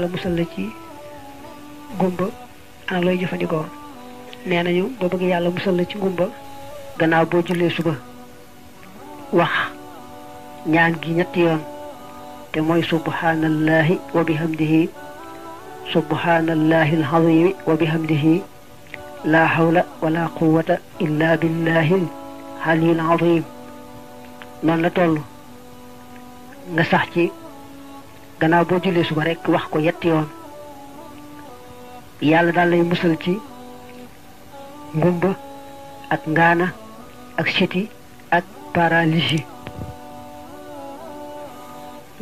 yàlla musal la ci gumba ana looy jëfandikoo nee nañu boo bëgg yàlla musal la ci gumba gannaaw boo jullee suba wax ñaan gi ñetti yoon te mooy subhanallahi wa bihamdihi subhanallahi alazimi wa bihamdihi la hawla wala quwwata illa billahi aliyil azim noonu la toll nga sax ci gannaaw boo jullee suba rek wax ko yetti yoon yàlla daal lay musal ci ngumba ak ngaana ak siti ak paralysie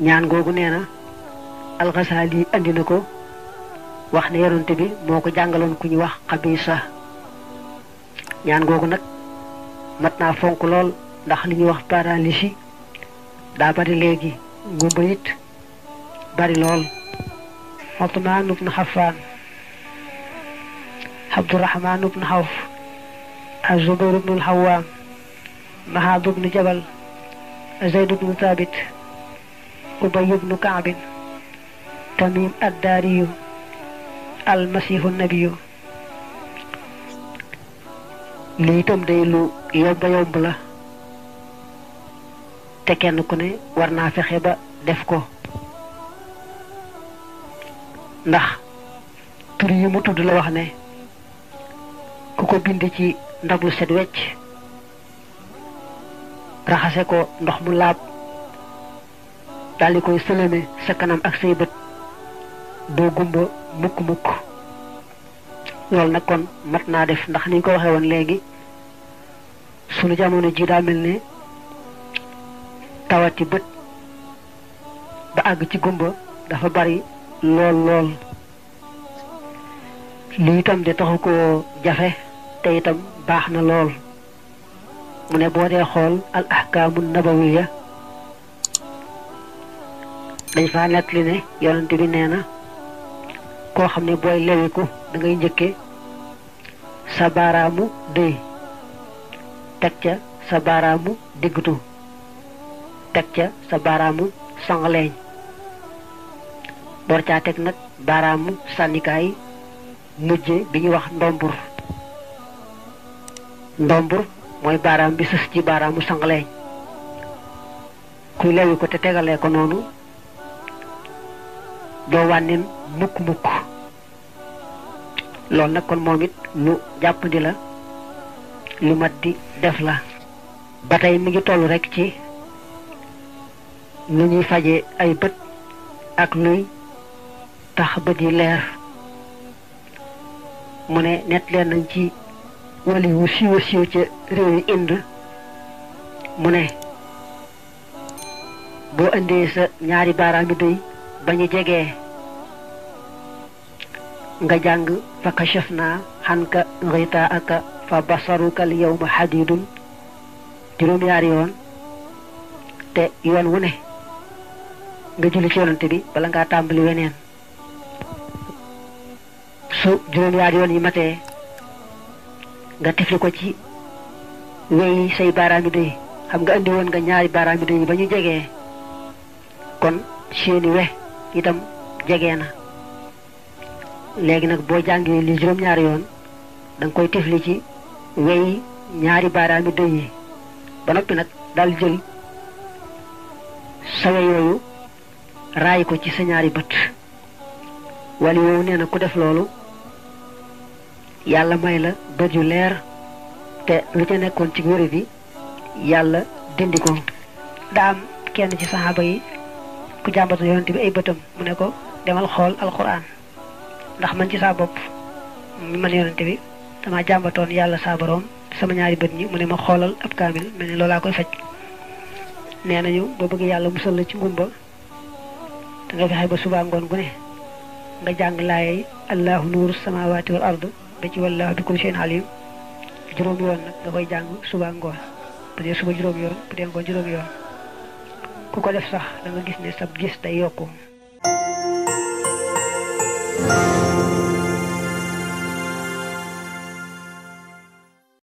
ñaan googu nee na alxasaali andi na ko wax ne yaronte bi moo ko jàngaloon ku ñu wax xabisa ñaan googu nag mat fonk lool ndax li wax paralysie daa bari léegi ngumba it bari lool Uthman ibn Affan Abdurrahman ibn Awf Az-Zubair ibn al-Hawwam Mahad ibn Jabal Zayd ibn Thabit Ubay ibn Ka'b Tamim ad-Dari al-Masih an-Nabi li itam day lu yomb yomb la te kenn ku ne war naa fexe ba def ko ndax tur yi mu tudd la wax ne ku ko bind ci ndag lu set wecc raxase ko ndox mu laab di koy sëlëme sa kanam ak say bët doo gumba mukk mukk loolu nag kon mat naa def ndax niñ ko waxee woon léegi sunu jamono ji daa mel ne tawati bët ba àgg ci gumba dafa bari Lolol, lol li tam de taxu ko jafe te itam baxna lol mune bo ne xol dee xool al ahkaamu faa li ne yonante bi nee na koo boy ne booy lewiku da ngay njëkke sa baaraamu dëy sabaramu ca sa sangaleñ door caa teg nag baaraamu sànnikaay mujje biñu wax ndombur ndombur moy baaraam bi sus ci baaraamu sangaleeñ ku lewi ko te tegalé ko nonu do wànnin mukk-mukk loolu nak kon momit it lu di la lu mat di def la batay mi ngi tollu rek ci nu ñuy faje ay bëtt ak nuy tax ba di leer mu ne net leen nañ ci wali wu siiw siiw ca réew inde mu ne boo indee sa ñaari baaraam yi day bañu jegee nga jàng fa kashaf naa xanka aka fa basaruka al yawma hadidun juróom yaari yoon te yoon wu ne nga julli ci yonante bi bala ngaa tàmbali weneen su juróom yaar yoon yi matee nga tefli ko ci wey say baaraami doy xam nga andi woon nga ñaari baaraami doy ba ñu jegee kon seeni we itam jegee na léegi nag boo jàngee li juróom ñaar yoon da nga koy tefli ci wey ñaari baaraami doy yi ba noppi nag dal jël sawe yooyu raay ko ci sa ñaari bët wali yow nee na ku def loolu yàlla may la bëj ju leer te lu ca nekkoon ci wér bi yàlla dindi ko am kenn ci sahaba yi ku jàmbatu yonent bi ay bëtam mu ne ko demal xool alquran ndax man ci saa bopp man yonent bi dama jàmbatoon yàlla sa borom sama ñaari bët ñi mu ne ma xoolal ab kamil mel ni loolaa koy faj nee nañu bëgg yàlla musal la ci ngumba da nga fexe ba suba ngoon gu ne nga jàng allahu samawati wal ba ci wallaahu bi kulli shay'in alim juróom yoon nag nga koy jàng suba ngoon bu suba juróom yoon bu dee juróom yoon ku ko def sax danga gis ni sab gis day yokku